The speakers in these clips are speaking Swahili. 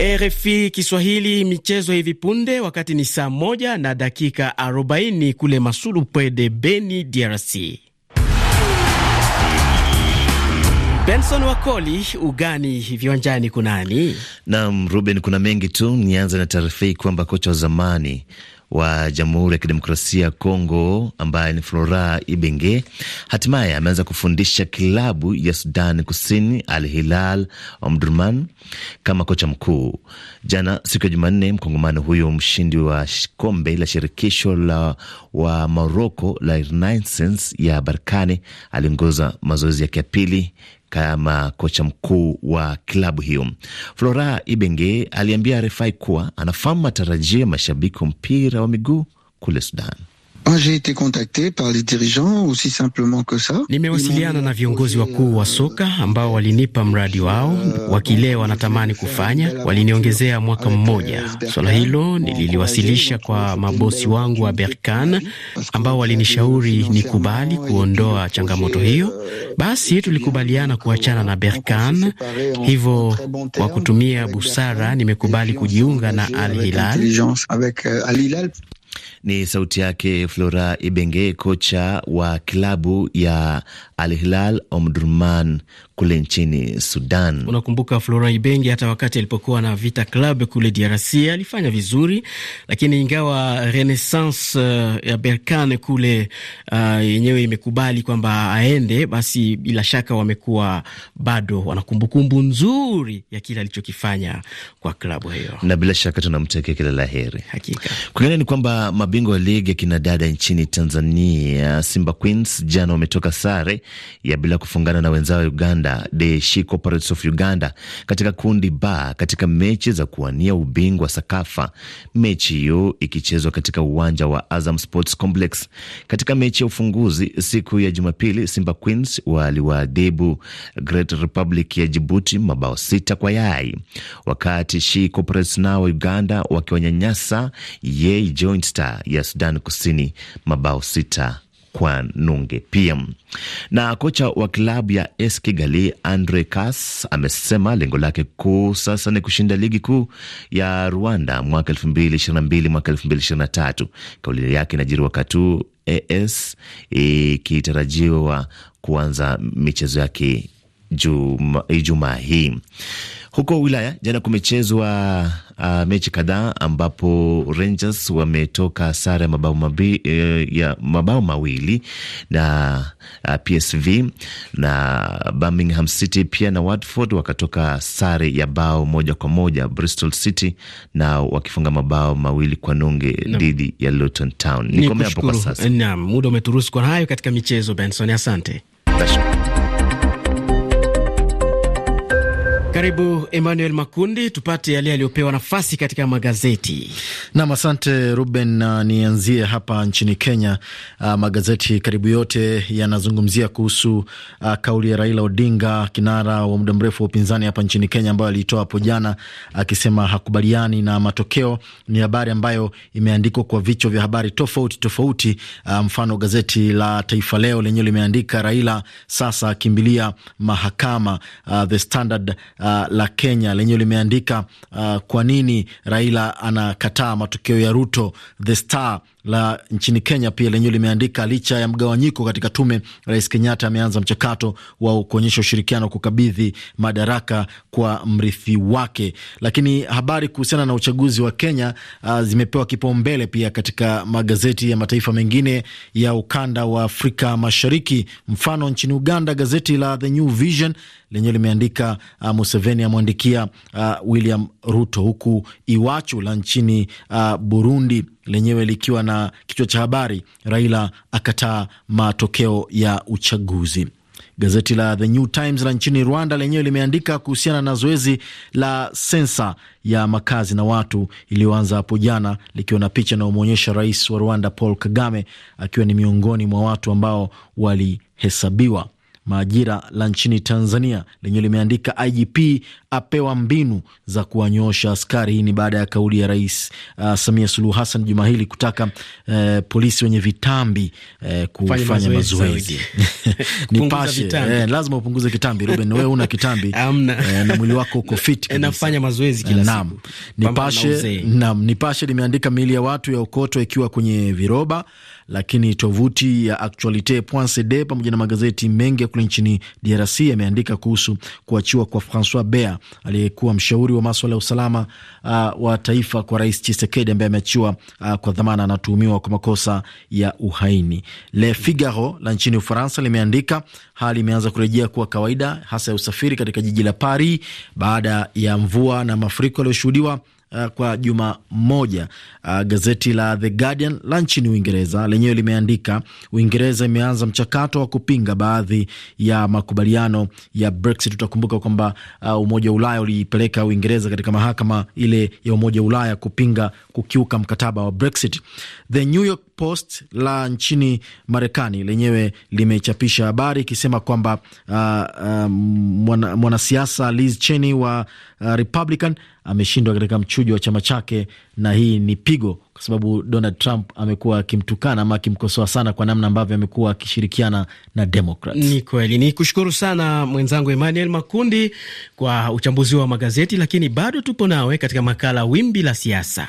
RFI Kiswahili michezo hivi punde, wakati ni saa moja na dakika 40 kule Masulu Pwede, Beni, DRC. Benson Wakoli, ugani viwanjani kunani? nam Ruben, kuna mengi tu. Nianze na taarifa hii kwamba kocha wa zamani wa Jamhuri ya Kidemokrasia ya Kongo ambaye ni Flora Ibenge hatimaye ameanza kufundisha klabu ya Sudani Kusini Al Hilal Omdurman kama kocha mkuu. Jana siku ya Jumanne, mkongomano huyo mshindi wa kombe la shirikisho la wa Morocco la Renaissance ya barkani aliongoza mazoezi yake ya pili kama kocha mkuu wa klabu hiyo. Flora Ibenge aliambia RFI kuwa anafahamu matarajio ya mashabiki wa mpira wa miguu kule Sudan. Ah, j'ai été contacté par les dirigeants aussi simplement que ça. Nimewasiliana na viongozi wakuu wa soka ambao walinipa mradi wao wakile wanatamani kufanya, waliniongezea mwaka mmoja. Swala hilo nililiwasilisha kwa mabosi wangu wa berkan ambao walinishauri nikubali kuondoa changamoto hiyo. Basi tulikubaliana kuachana na berkan hivyo kwa kutumia busara nimekubali kujiunga na Al Hilal. Euh, ni sauti yake Flora Ibenge, kocha wa klabu ya Al Hilal Omdurman kule nchini Sudan. Unakumbuka Flora Ibenge, hata wakati alipokuwa na Vita Club kule DRC alifanya vizuri, lakini ingawa Renaissance uh, ya Berkane kule eh, yenyewe uh, imekubali kwamba aende, basi bila shaka wamekuwa bado wana kumbukumbu nzuri ya kile alichokifanya kwa klabu hiyo, na bila shaka tunamtakia kila la heri. Hakika kulingana ni kwamba mabingwa wa ligi ya kinadada nchini Tanzania, Simba Queens jana wametoka sare ya bila kufungana na wenzao wa Uganda, the of Uganda katika kundi ba katika mechi za kuwania ubingwa Sakafa, mechi hiyo ikichezwa katika uwanja wa Azam Sports Complex. Katika mechi ya ufunguzi siku ya Jumapili, Simba Queens waliwaadhibu Great Republic ya Jibuti mabao sita kwa yai, wakati She nao Uganda wakiwanyanyasa Yei Joint Star ya sudan Kusini mabao sita kwa nunge pia. Na kocha wa klabu ya AS Kigali Andre Kas amesema lengo lake kuu sasa ni kushinda ligi kuu ya Rwanda mwaka 2022 mwaka 2023. Kauli yake inajiri wakati huu AS ikitarajiwa kuanza michezo yake Ijumaa hii. Huko Ulaya jana kumechezwa uh, mechi kadhaa ambapo Rangers wametoka sare mabao mabi, uh, ya mabao mawili na uh, PSV na Birmingham City pia na Watford wakatoka sare ya bao moja kwa moja. Bristol City na wakifunga mabao mawili kwa nunge dhidi ya Luton Town. Nikomea hapo kwa sasa. Naam, muda umeturuhusu kwa hayo katika michezo Benson, asante. Tasha. Karibu Emmanuel Makundi, tupate yale yaliyopewa nafasi katika magazeti. Nam, asante Ruben, na nianzie hapa nchini Kenya. Uh, magazeti karibu yote yanazungumzia kuhusu uh, kauli ya Raila Odinga, kinara wa muda mrefu wa upinzani hapa nchini Kenya, ambayo aliitoa hapo jana akisema uh, hakubaliani na matokeo. Ni habari ambayo imeandikwa kwa vichwa vya habari tofauti tofauti. Uh, mfano gazeti la Taifa Leo lenyewe limeandika Raila sasa akimbilia mahakama. Uh, The Standard uh, uh, la Kenya lenyewe limeandika uh, kwa nini Raila anakataa matokeo ya Ruto. The Star la nchini Kenya pia lenyewe limeandika licha ya mgawanyiko katika tume, Rais Kenyatta ameanza mchakato wa kuonyesha ushirikiano kukabidhi madaraka kwa mrithi wake. Lakini habari kuhusiana na uchaguzi wa Kenya uh, zimepewa kipaumbele pia katika magazeti ya mataifa mengine ya ukanda wa Afrika Mashariki. Mfano, nchini Uganda gazeti la The New Vision lenyewe limeandika uh, Museveni amwandikia uh, William Ruto, huku Iwachu la nchini uh, Burundi lenyewe likiwa na kichwa cha habari Raila akataa matokeo ya uchaguzi. Gazeti la The New Times la nchini Rwanda lenyewe limeandika kuhusiana na zoezi la sensa ya makazi na watu iliyoanza hapo jana, likiwa na picha inayomwonyesha rais wa Rwanda Paul Kagame akiwa ni miongoni mwa watu ambao walihesabiwa. Majira la nchini Tanzania lenye limeandika IGP apewa mbinu za kuwanyoosha askari. Hii ni baada ya kauli ya Rais uh, Samia Suluhu Hassan juma hili kutaka uh, polisi wenye vitambi uh, kufanya mazoezi. Nipashe eh, lazima upunguze kitambi Ruben, wewe una kitambi eh, na mwili wako uko fit nafanya mazoezi kila eh, siku. Nipashe, naam, Nipashe limeandika miili ya watu ya okotwa ikiwa kwenye viroba lakini tovuti ya Actualite.cd pamoja na magazeti mengi ya kule nchini DRC yameandika kuhusu kuachiwa kwa Francois Bea aliyekuwa mshauri wa maswala ya usalama uh, wa taifa kwa Rais Chisekedi ambaye ameachiwa uh, kwa dhamana, anatuhumiwa kwa makosa ya uhaini. Le Figaro la nchini Ufaransa limeandika hali imeanza kurejea kuwa kawaida, hasa ya usafiri katika jiji la Paris baada ya mvua na mafuriko yaliyoshuhudiwa uh, kwa juma moja. Uh, gazeti la The Guardian la nchini Uingereza lenyewe limeandika Uingereza imeanza mchakato wa kupinga baadhi ya makubaliano ya Brexit. Utakumbuka kwamba uh, Umoja wa Ulaya ulipeleka Uingereza katika mahakama ile ya Umoja wa Ulaya kupinga kukiuka mkataba wa Brexit. The New York Post la nchini Marekani lenyewe limechapisha habari ikisema kwamba uh, uh, mwanasiasa mwana Liz Cheney wa uh, Republican ameshindwa katika mchujo wa chama chake, na hii ni pigo kwa sababu Donald Trump amekuwa akimtukana ama akimkosoa sana kwa namna ambavyo amekuwa akishirikiana na Democrats. Ni kweli. Ni kushukuru sana mwenzangu Emmanuel Makundi kwa uchambuzi wa magazeti, lakini bado tupo nawe katika makala Wimbi la Siasa.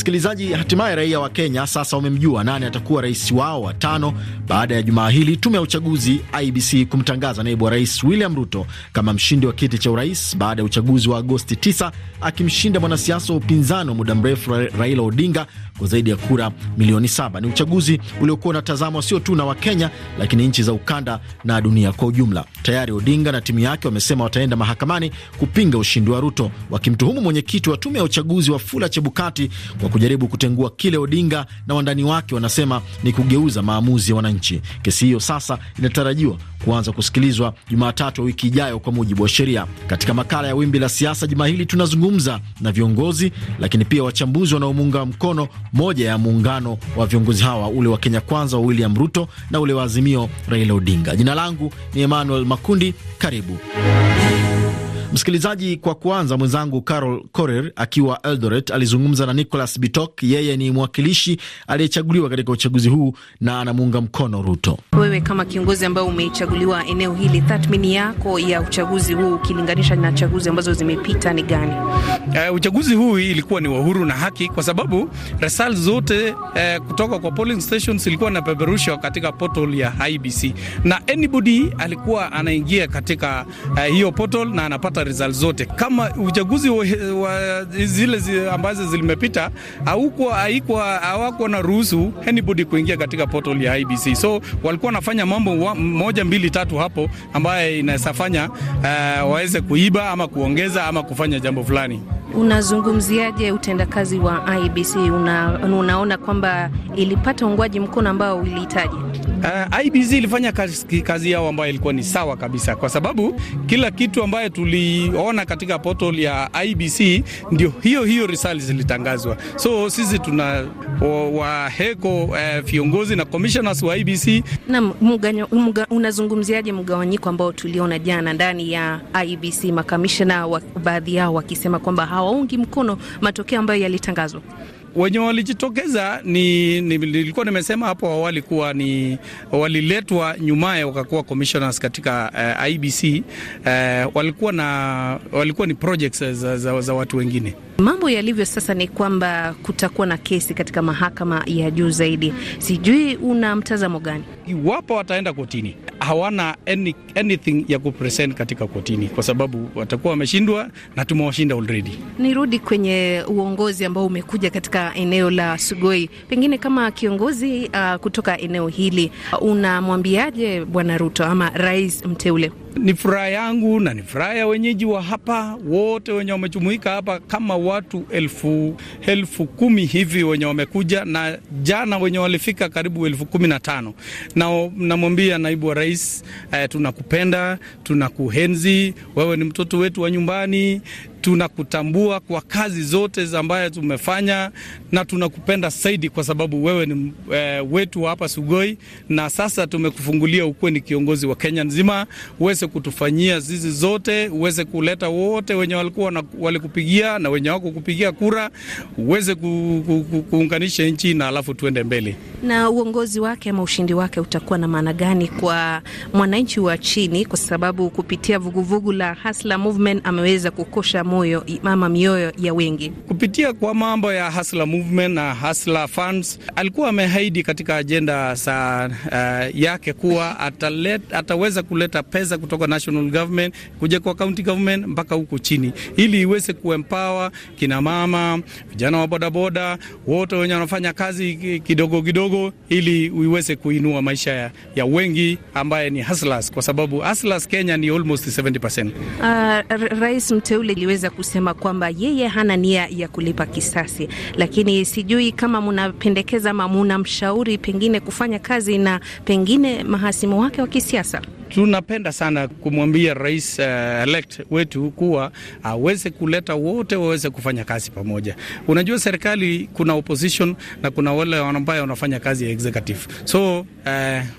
Msikilizaji, hatimaye raia wa Kenya sasa wamemjua nani atakuwa rais wao wa tano baada ya jumaa hili tume ya uchaguzi IBC kumtangaza naibu wa rais William Ruto kama mshindi wa kiti cha urais baada ya uchaguzi wa Agosti 9 akimshinda mwanasiasa wa upinzani wa muda mrefu Raila Odinga kwa zaidi ya kura milioni saba. Ni uchaguzi uliokuwa unatazamwa sio tu na Wakenya lakini nchi za ukanda na dunia kwa ujumla. Tayari Odinga na timu yake wamesema wataenda mahakamani kupinga ushindi wa Ruto, wakimtuhumu mwenyekiti wa tume ya uchaguzi Wafula Chebukati kwa kujaribu kutengua kile Odinga na wandani wake wanasema ni kugeuza maamuzi ya wananchi. Kesi hiyo sasa inatarajiwa kuanza kusikilizwa Jumatatu ya wiki ijayo kwa mujibu wa sheria. Katika makala ya Wimbi la Siasa juma hili tunazungumza na viongozi lakini pia wachambuzi wanaomuunga mkono moja ya muungano wa viongozi hawa, ule wa Kenya Kwanza wa William Ruto na ule wa Azimio Raila Odinga. Jina langu ni Emmanuel Makundi, karibu Msikilizaji, kwa kwanza mwenzangu Carol corer akiwa Eldoret alizungumza na Nicholas Bitok. Yeye ni mwakilishi aliyechaguliwa katika uchaguzi huu na anamuunga mkono Ruto. Wewe kama kiongozi ambayo umechaguliwa eneo hili, tathmini yako ya uchaguzi huu ukilinganisha na chaguzi ambazo zimepita ni gani? Uh, uchaguzi huu ilikuwa ni wa huru na haki kwa sababu resal zote uh, kutoka kwa polling stations ilikuwa inapeperushwa katika portal ya IBC na anybody alikuwa anaingia katika uh, hiyo portal na anapata kupata result zote. Kama uchaguzi wa, wa zile zi ambazo zilimepita hauko haiko hawako na ruhusu anybody kuingia katika portal ya IBC, so walikuwa wanafanya mambo wa, moja mbili tatu hapo ambaye inasafanya uh, eh, waweze kuiba ama kuongeza ama kufanya jambo fulani. Unazungumziaje utendakazi wa IBC? Una, unaona kwamba ilipata ungwaji mkono ambao ulihitaji? Uh, eh, IBC ilifanya kazi, kazi yao ambayo ilikuwa ni sawa kabisa, kwa sababu kila kitu ambayo tuliona katika portal ya IBC ndio hiyo hiyo results zilitangazwa. So sisi tuna waheko wa uh, viongozi na commissioners wa IBC. Naam, unazungumziaje mgawanyiko ambao tuliona jana ndani ya IBC, makamishna baadhi yao wakisema kwamba hawaungi mkono matokeo ambayo yalitangazwa? wenye walijitokeza ni, nilikuwa nimesema hapo awali kuwa ni waliletwa nyumaye wakakuwa commissioners katika uh, eh, IBC uh, eh, walikuwa na walikuwa ni projects za, za, za watu wengine. Mambo yalivyo sasa ni kwamba kutakuwa na kesi katika mahakama ya juu zaidi. Sijui una mtazamo gani iwapo wataenda kotini? hawana any, anything ya kupresent katika kotini kwa sababu watakuwa wameshindwa na tumewashinda already. Nirudi kwenye uongozi ambao umekuja katika eneo la Sugoi, pengine kama kiongozi uh, kutoka eneo hili uh, unamwambiaje Bwana Ruto ama rais mteule? Ni furaha yangu na ni furaha ya wenyeji wa hapa wote wenye wamejumuika hapa kama watu elfu, elfu kumi hivi wenye wamekuja, na jana wenye walifika karibu elfu kumi na tano na namwambia naibu wa rais eh, tunakupenda tunakuhenzi, wewe ni mtoto wetu wa nyumbani tunakutambua kwa kazi zote ambayo tumefanya na tunakupenda zaidi kwa sababu wewe ni e, wetu hapa Sugoi, na sasa tumekufungulia ukuwe ni kiongozi wa Kenya nzima, uweze kutufanyia zizi zote, uweze kuleta wote wenye walikuwa walikupigia na wenye wako kupigia kura, uweze ku, ku, ku, kuunganisha nchi na alafu tuende mbele. Na uongozi wake ama ushindi wake utakuwa na maana gani kwa mwananchi wa chini? Kwa sababu kupitia vuguvugu la Hasla Movement ameweza kukosha moyo mama mioyo ya wengi. Kupitia kwa mambo ya Hustler Movement na Hustler Funds, alikuwa amehaidi katika ajenda saa uh, eh, yake kuwa atalet, ataweza kuleta pesa kutoka national government kuja kwa county government mpaka huku chini, ili iweze kuempower kina mama, vijana wa bodaboda wote wenye wanafanya kazi kidogo kidogo, ili iweze kuinua maisha ya, ya wengi ambaye ni hustlers, kwa sababu hustlers Kenya ni almost 70%. Uh, ah, rais mteule ameweza kusema kwamba yeye hana nia ya kulipa kisasi, lakini sijui kama mnapendekeza ama mnamshauri pengine kufanya kazi na pengine mahasimu wake wa kisiasa. Tunapenda sana kumwambia rais uh, elect wetu kuwa aweze uh, kuleta wote waweze kufanya kazi pamoja. Unajua, serikali kuna opposition na kuna wale ambao wanafanya kazi ya executive, so uh,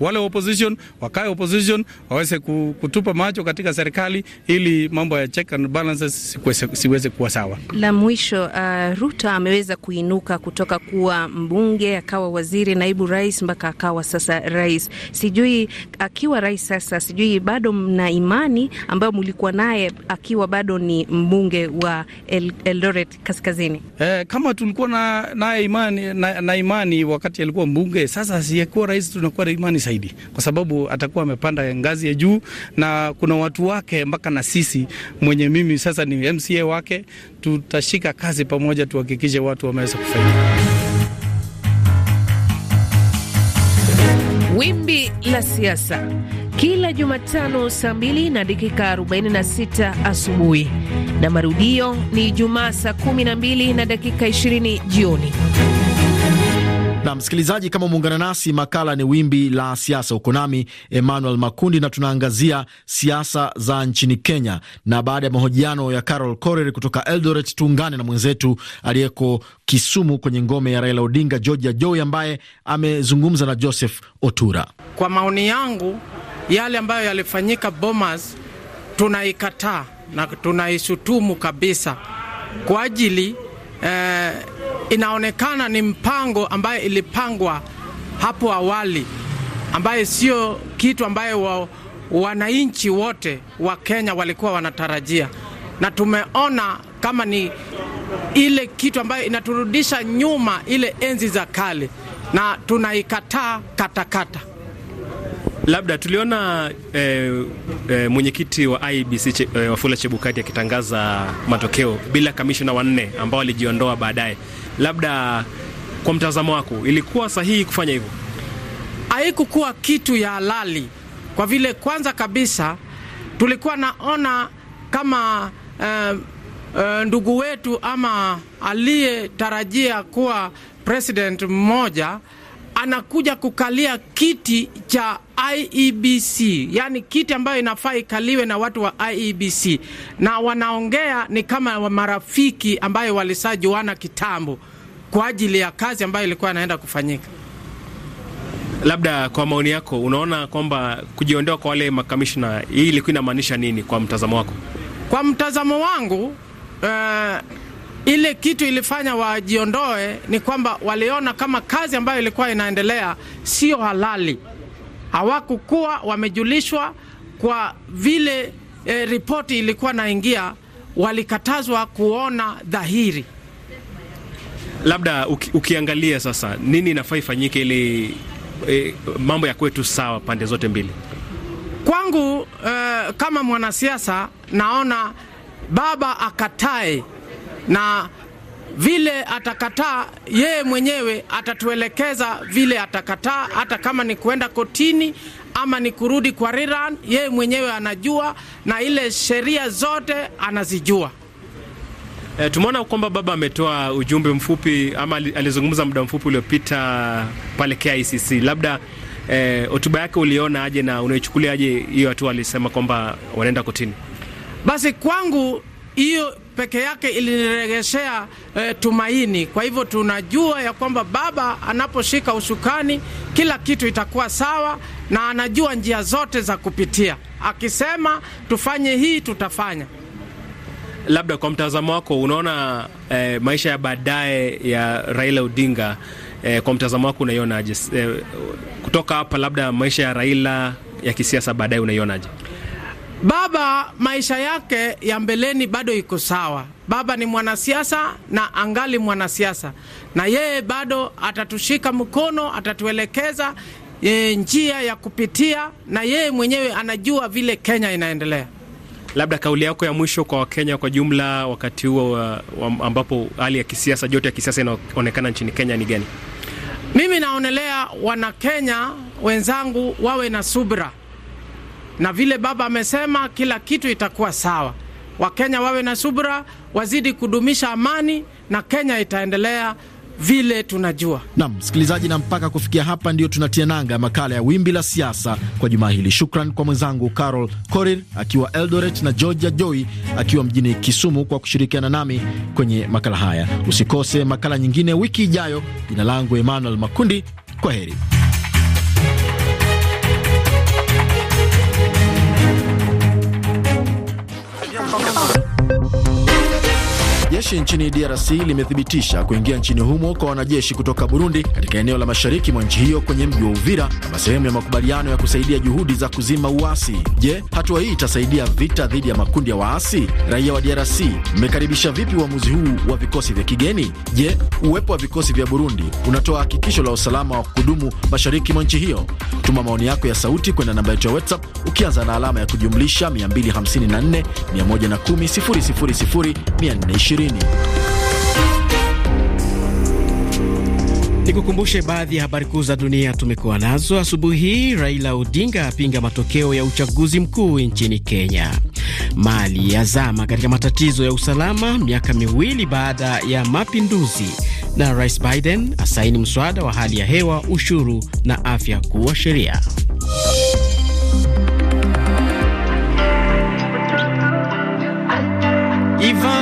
wale opposition wakae opposition waweze kutupa macho katika serikali ili mambo ya check and balances siweze kuwa sawa. La mwisho, uh, Ruto ameweza kuinuka kutoka kuwa mbunge akawa waziri, naibu rais, mpaka akawa sasa rais. Sijui akiwa rais sasa, sijui bado mna imani ambayo mlikuwa naye akiwa bado ni mbunge wa El, Eldoret Kaskazini? Eh, kama tulikuwa na, na, imani, na, na imani wakati alikuwa mbunge, sasa asiyekuwa rais tunakuwa na imani zaidi, kwa sababu atakuwa amepanda ngazi ya juu na kuna watu wake mpaka na sisi mwenye mimi sasa ni MCA wake, tutashika kazi pamoja, tuhakikishe watu wameweza kufaidika. Wimbi la siasa kila Jumatano saa 2 na dakika 46 asubuhi na marudio ni Ijumaa saa 12 na dakika 20 jioni. Na msikilizaji, kama umeungana nasi, makala ni wimbi la siasa. Uko nami Emmanuel Makundi na tunaangazia siasa za nchini Kenya. Na baada ya mahojiano ya Carol Korir kutoka Eldoret, tuungane na mwenzetu aliyeko Kisumu kwenye ngome ya Raila Odinga, Georgia Joy, ambaye amezungumza na Joseph Otura. Kwa maoni yangu, yale ambayo yalifanyika Bomas tunaikataa na tunaishutumu kabisa kwa ajili eh, inaonekana ni mpango ambayo ilipangwa hapo awali ambaye sio kitu ambaye wa, wananchi wote wa Kenya walikuwa wanatarajia, na tumeona kama ni ile kitu ambayo inaturudisha nyuma ile enzi za kale, na tunaikataa katakata. Labda tuliona eh, eh, mwenyekiti wa IBC che, eh, Wafula Chebukati akitangaza matokeo bila kamishna wanne ambao walijiondoa baadaye. Labda kwa mtazamo wako ilikuwa sahihi kufanya hivyo? Haikukuwa kitu ya halali kwa vile kwanza kabisa tulikuwa naona kama eh, eh, ndugu wetu ama aliyetarajia kuwa president mmoja anakuja kukalia kiti cha IEBC, yani kiti ambayo inafaa ikaliwe na watu wa IEBC, na wanaongea ni kama wa marafiki ambayo walisajuana kitambo kwa ajili ya kazi ambayo ilikuwa inaenda kufanyika. Labda kwa maoni yako, unaona kwamba kujiondoa kwa wale makamishna, hii ilikuwa inamaanisha nini kwa mtazamo wako? Kwa mtazamo wangu eh, ile kitu ilifanya wajiondoe ni kwamba waliona kama kazi ambayo ilikuwa inaendelea sio halali. Hawakukuwa wamejulishwa kwa vile e, ripoti ilikuwa naingia, walikatazwa kuona dhahiri. Labda uki, ukiangalia sasa nini inafaa ifanyike ili e, mambo ya kwetu sawa pande zote mbili. Kwangu e, kama mwanasiasa naona baba akatae na vile atakataa yeye mwenyewe atatuelekeza vile atakataa, hata kama ni kuenda kotini ama ni kurudi kwa Riran, yeye mwenyewe anajua na ile sheria zote anazijua. E, tumeona kwamba baba ametoa ujumbe mfupi ama alizungumza muda mfupi uliopita pale KICC. Labda eh, hotuba e, yake uliona aje na unaichukulia aje hiyo hatua alisema kwamba wanaenda kotini? Basi kwangu hiyo peke yake iliniregeshea e, eh, tumaini. Kwa hivyo tunajua ya kwamba Baba anaposhika usukani kila kitu itakuwa sawa, na anajua njia zote za kupitia. Akisema tufanye hii, tutafanya. Labda kwa mtazamo wako unaona e, maisha ya baadaye ya Raila Odinga e, kwa mtazamo wako unaionaje? E, kutoka hapa labda maisha ya Raila ya kisiasa baadaye unaionaje? Baba maisha yake ya mbeleni bado iko sawa. Baba ni mwanasiasa na angali mwanasiasa, na yeye bado atatushika mkono, atatuelekeza e, njia ya kupitia, na yeye mwenyewe anajua vile Kenya inaendelea. Labda kauli yako ya mwisho kwa Wakenya kwa jumla wakati huo wa, wa, ambapo hali ya kisiasa, joto ya kisiasa inaonekana nchini Kenya ni gani? Mimi naonelea Wanakenya wenzangu wawe na subra na vile baba amesema, kila kitu itakuwa sawa. Wakenya wawe na subra, wazidi kudumisha amani na Kenya itaendelea vile tunajua. Nam msikilizaji, na mpaka kufikia hapa ndio tunatia nanga makala ya wimbi la siasa kwa jumaa hili. Shukran kwa mwenzangu Carol Korir akiwa Eldoret na Georgia Joy akiwa mjini Kisumu kwa kushirikiana nami kwenye makala haya. Usikose makala nyingine wiki ijayo. Jina langu Emmanuel Makundi, kwa heri. Jeshi nchini DRC limethibitisha kuingia nchini humo kwa wanajeshi kutoka Burundi katika eneo la mashariki mwa nchi hiyo kwenye mji wa Uvira kama sehemu ya makubaliano ya kusaidia juhudi za kuzima uasi. Je, hatua hii itasaidia vita dhidi ya makundi ya waasi? Raia wa DRC, mmekaribisha vipi uamuzi huu wa vikosi vya kigeni? Je, uwepo wa vikosi vya Burundi unatoa hakikisho la usalama wa kudumu mashariki mwa nchi hiyo? Tuma maoni yako ya sauti kwenda namba yetu ya WhatsApp ukianza na alama ya kujumlisha 254 110 000 420. Kusini. Nikukumbushe baadhi ya habari kuu za dunia tumekuwa nazo asubuhi hii. Raila Odinga apinga matokeo ya uchaguzi mkuu nchini Kenya. Mali yazama katika matatizo ya usalama miaka miwili baada ya mapinduzi, na Rais Biden asaini mswada wa hali ya hewa, ushuru na afya kuwa sheria. Ivan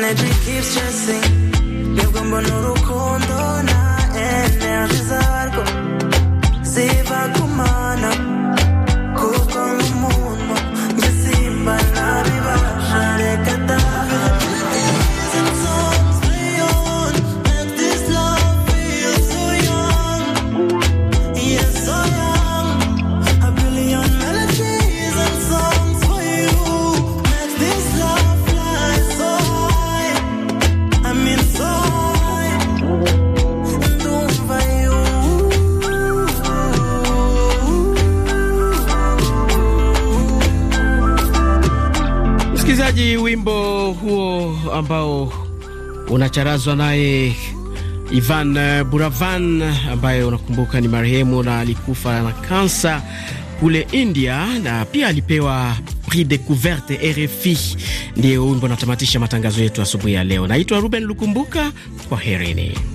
the energy keeps stressing no ngomba n'urukundo na energy eh, ambao unacharazwa naye Ivan eh, Buravan ambaye unakumbuka ni marehemu na alikufa na kansa kule India na pia alipewa Prix Decouverte RFI. Ndiyo wimbo unatamatisha matangazo yetu asubuhi ya leo. Naitwa Ruben Lukumbuka, kwa herini.